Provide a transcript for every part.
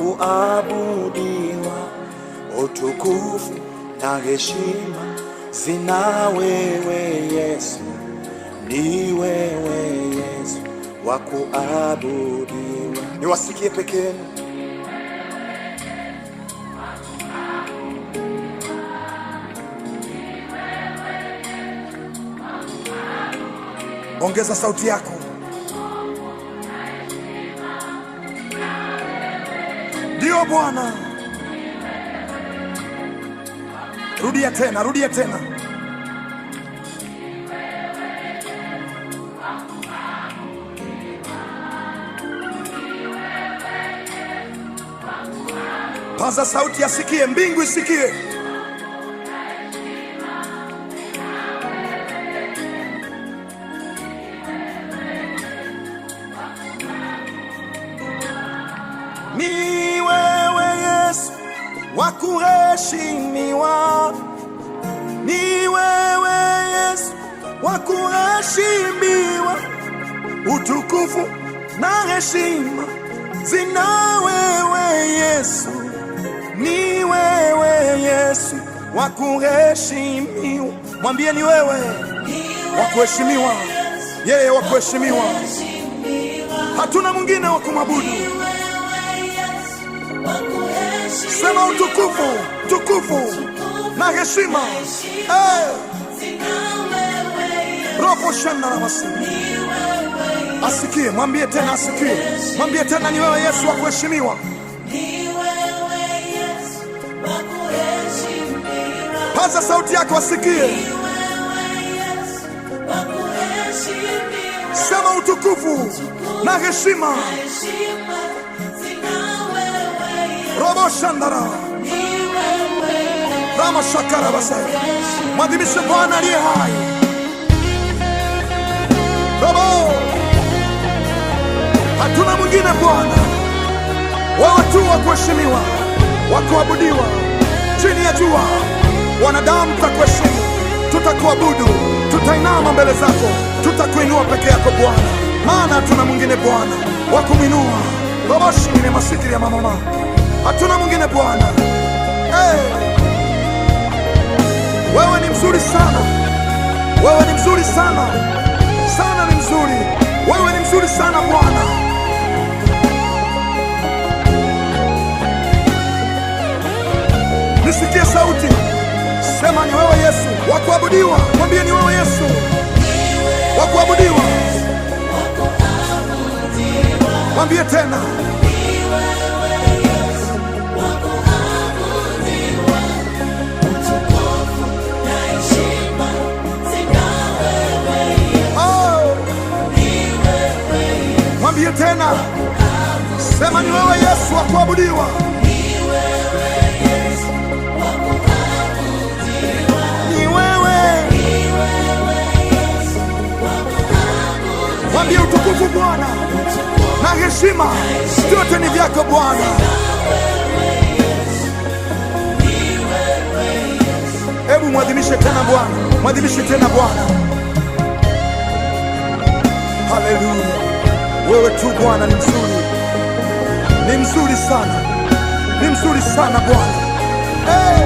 kuabudiwa, utukufu na heshima zina wewe Yesu, ni wewe Yesu wa kuabudiwa. Niwasikie pekeni Ongeza sauti yako. Njoo Bwana, rudia tena, rudia tena. Paza sauti, asikie mbingu, isikie. kuheshimiwa. Ni wewe Yesu wa kuheshimiwa, utukufu na heshima zina wewe Yesu. Ni wewe Yesu wa kuheshimiwa, mwambie ni wewe wa kuheshimiwa, yeye wa kuheshimiwa, hatuna mwingine wa kumwabudu sema utukufu, utukufu na heshima roho shanda na wasi asikie, mwambie tena, asikie, mwambie tena, ni wewe Yesu wa kuheshimiwa. Paza sauti yako, asikie, sema utukufu na heshima rama shakara basa. Mwadhimishe Bwana aliye hai. Baba, hatuna mwingine Bwana, wewe tu wa kuheshimiwa, wa kuabudiwa chini ya jua. Wanadamu tutakuheshimu, tutakuabudu, tutainama mbele zako, tutakuinua peke yako Bwana, maana hatuna mwingine Bwana wa kumwinua. roboshi ni masikiri ya mama hatuna mwingine Bwana. Hey, wewe ni mzuri sana, wewe ni mzuri sana sana, ni mzuri wewe, ni mzuri sana Bwana. Nisikie sauti, sema ni wewe Yesu wa kuabudiwa, mwambie ni wewe Yesu wa kuabudiwa, mwambie tena yake tena. Sema, ni wewe Yesu wa kuabudiwa. Ni wewe, utukufu Bwana na heshima, vyote ni vyako Bwana. Hebu mwadhimishe tena Bwana, mwadhimishe tena Bwana. Haleluya. Wewe tu Bwana ni mzuri, ni mzuri sana, ni mzuri sana Bwana hey!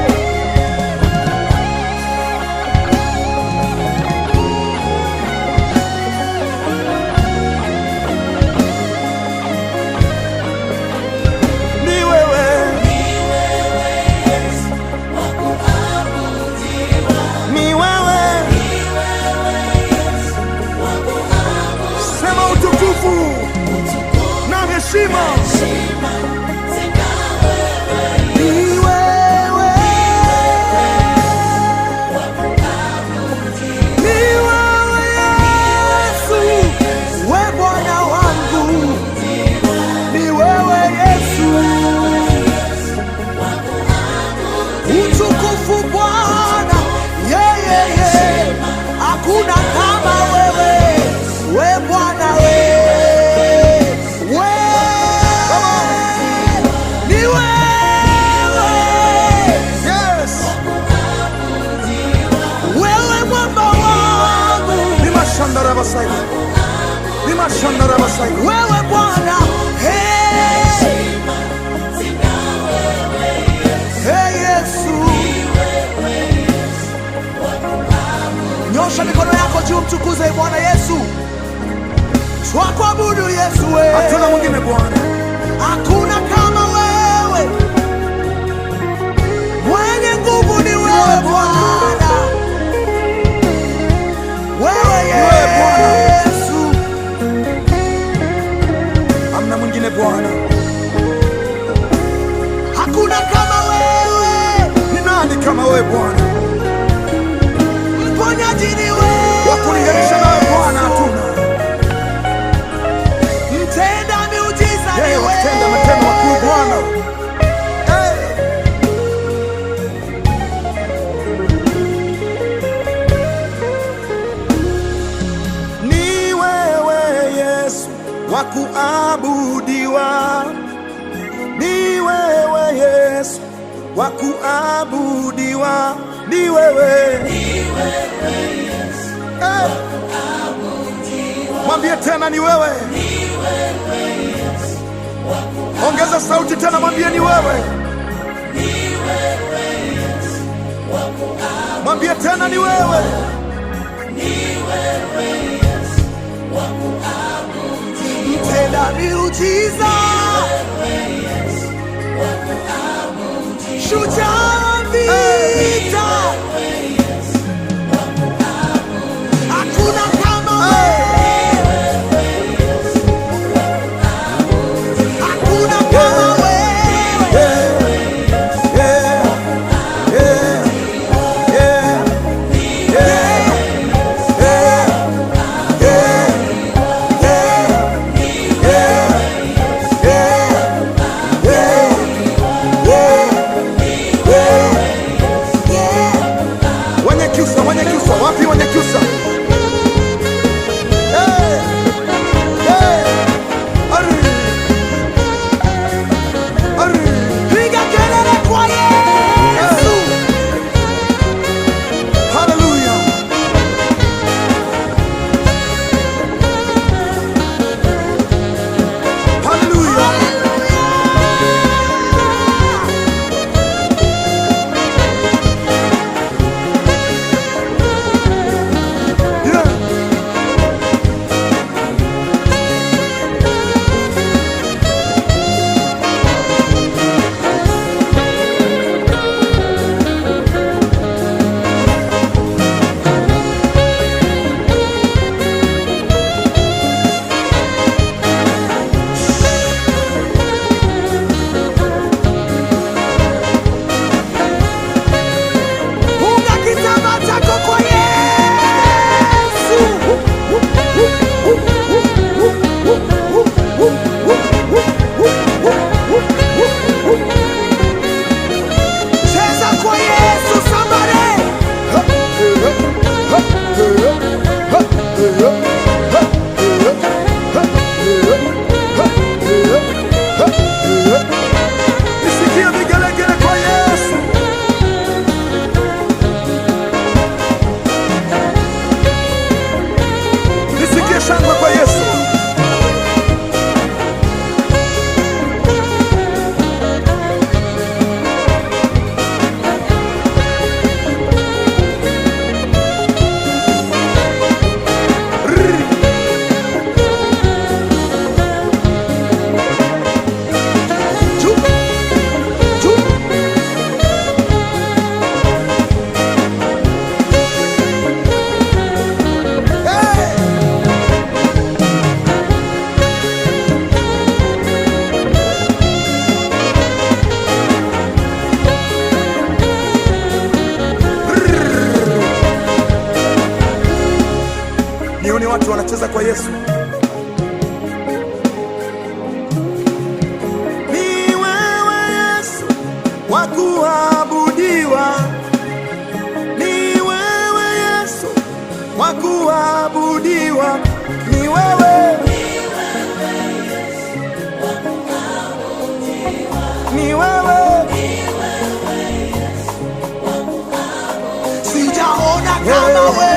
basaibu nimashanda basaibu wewe Bwana hey nyosha mikono yako juu, mtukuze Bwana Yesu, twakuabudu Yesu, wewe hatuna mwingine Bwana, hakuna kama wewe, mwenye nguvu ni wewe Bwana. wewe Bwana, mponyaji ni wewe, wa kulinganisha nawe Bwana hatuna. Mtenda miujiza ni wewe, mtenda matendo makuu Bwana. Wakuabudiwa ni wewe Yesu wa kuabudiwa ni wewe, eh. mwambie tena ni wewe, ongeza sauti tena, mwambie ni wewe mwambie tena ni wewe, mtenda miujiza 艺术家的。kucheza kwa Yesu. Ni wewe Yesu wa kuabudiwa, ni wewe Yesu wa kuabudiwa, ni wewe, ni wewe sijaona kama wewe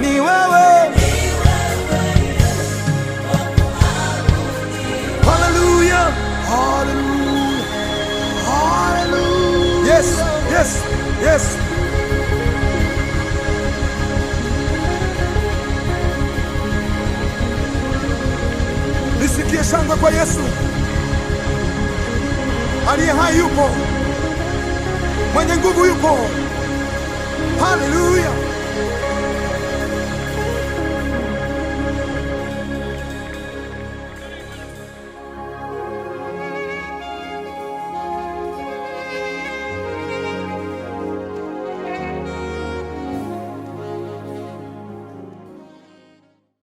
ni wewe Nisikie shangwe kwa Yesu aliye hai, yupo mwenye nguvu, yupo. Haleluya!